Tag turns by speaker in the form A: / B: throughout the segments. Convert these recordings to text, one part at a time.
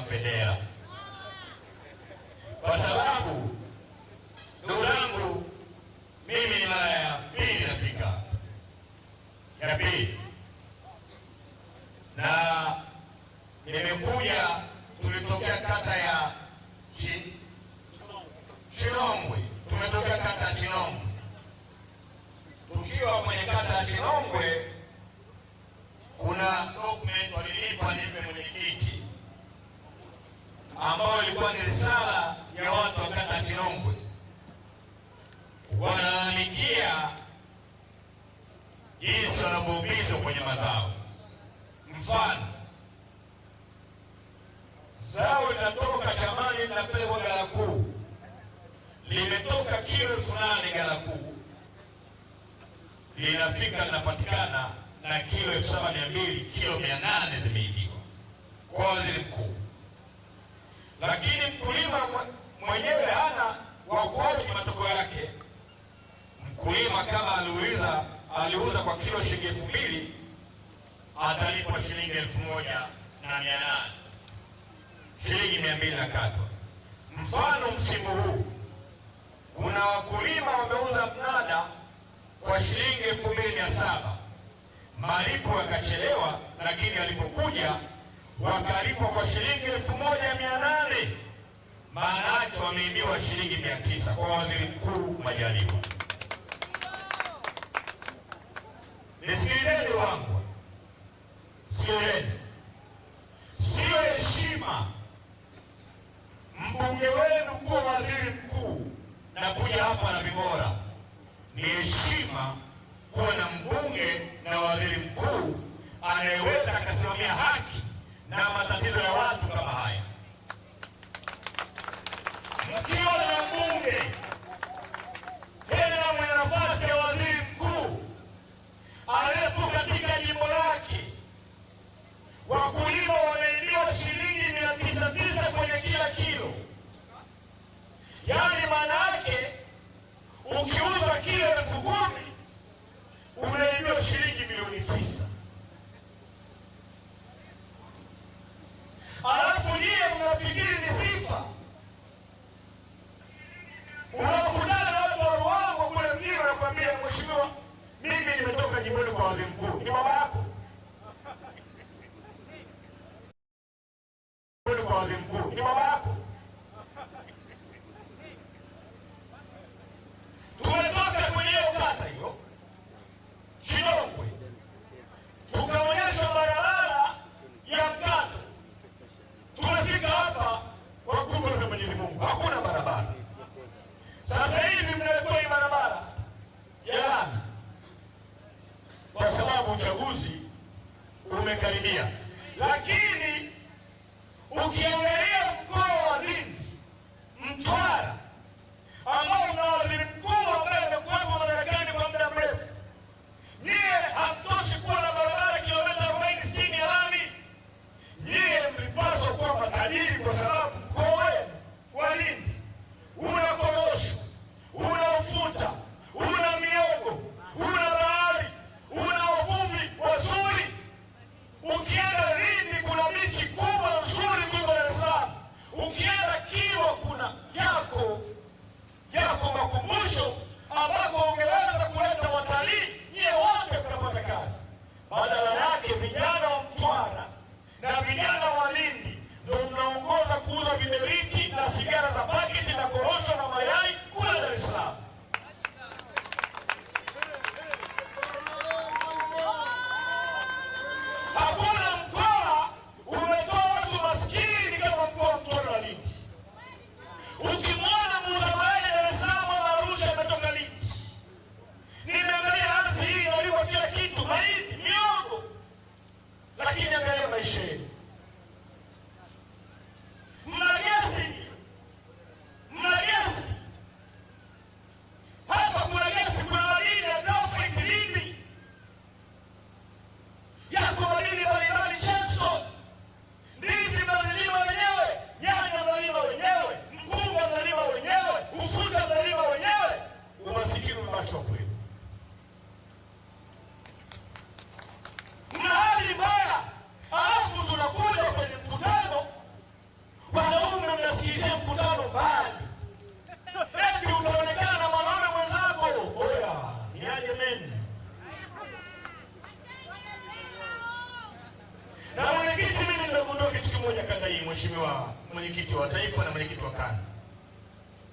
A: Kampedera. jiwe fulani gala kuu linafika linapatikana na kilo elfu saba mia mbili kilo mia nane zimeibiwa kwa waziri mkuu, lakini mkulima mwenyewe hana wa kuoji matoko yake. Mkulima kama aliuliza aliuza kwa kilo shilingi elfu mbili atalipwa shilingi elfu moja na mia nane shilingi mia mbili na katwa. Mfano msimu huu kuna wakulima wameuza mnada kwa shilingi elfu mbili mia saba malipo yakachelewa, lakini alipokuja wakalipwa kwa shilingi elfu moja mia nane maana yake wameibiwa shilingi mia tisa kwa waziri mkuu Majaliwa. Nisikilizeni wangu, sikieni, sio heshima mbunge wenu kuwa waziri nakuja hapa na vibora Ni heshima kuwa na mbunge na waziri mkuu anayeweza akasimamia haki na matatizo ya watu kama haya. Mkiwa na mbunge de uchaguzi umekaribia, lakini ukiangalia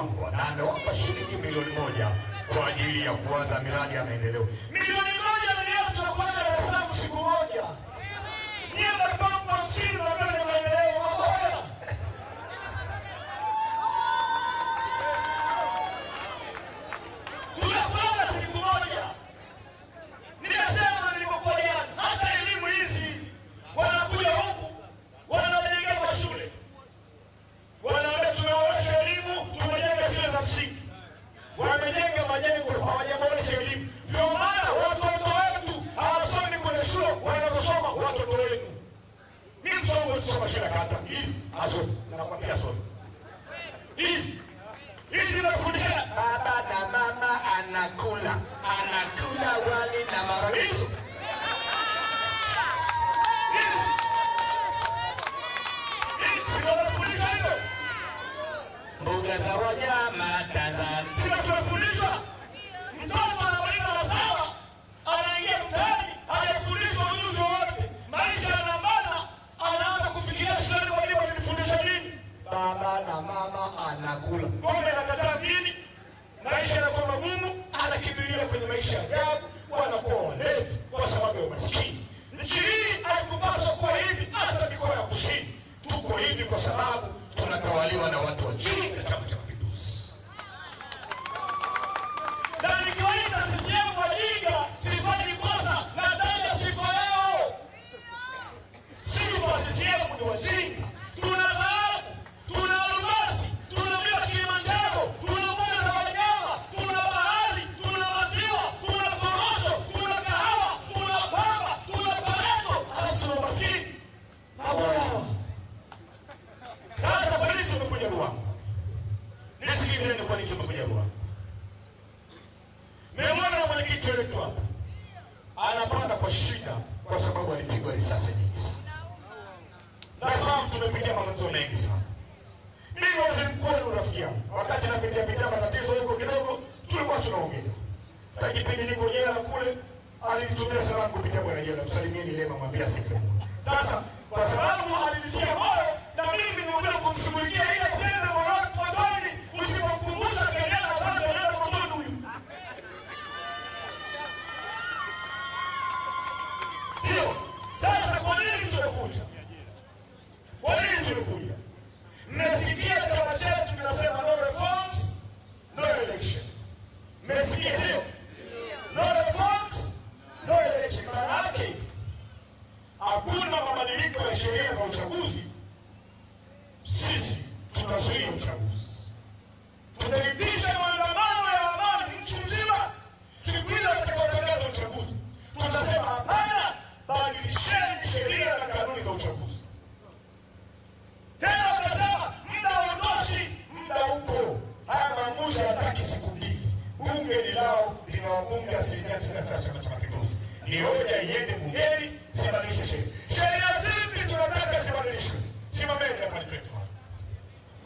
A: Ruangwa na amewapa shilingi milioni moja kwa ajili ya kuanza miradi ya maendeleo. Milioni moja tunakwenda Dar es Salaam siku moja. chini na tunawapiga sote hizi hizi, nakufundisha
B: baba na mama anakula anakula wali na maragwe mboga za wanyama
A: kwa sababu alipigwa risasi nyingi sana. Nafahamu tumepitia matatizo mengi sana. Mimi waziri mkuu rafiki yangu, wakati napitia pitia matatizo huko kidogo, tulikuwa tunaongea Lakini pindi niko jela kule, alinitumia salamu kupitia bwana jela, msalimieni lema, mwambia sifa. Sasa kwa sababu alinitia moyo na mimi nimekuja kumshughulikia ile sheria za uchaguzi, sisi tutazuia uchaguzi, tutaipisha maandamano ya amani nchi nzima. Siku hizo tutakaotangaza uchaguzi, tutasema hapana, badilisheni sheria na kanuni za uchaguzi. Tena watasema muda hautoshi, muda upo. Haya maamuzi hataki siku mbili. Bunge ni lao, lina wabunge asilimia 93 ya Chama cha Mapinduzi, ni hoja iende bungeni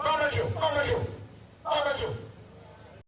A: Não, Brasil! Não, Brasil!